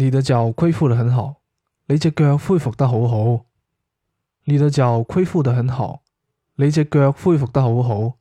你的腳恢復得很好，你隻腳恢復得好好。你的腳恢復得很好，你隻腳恢復得好好。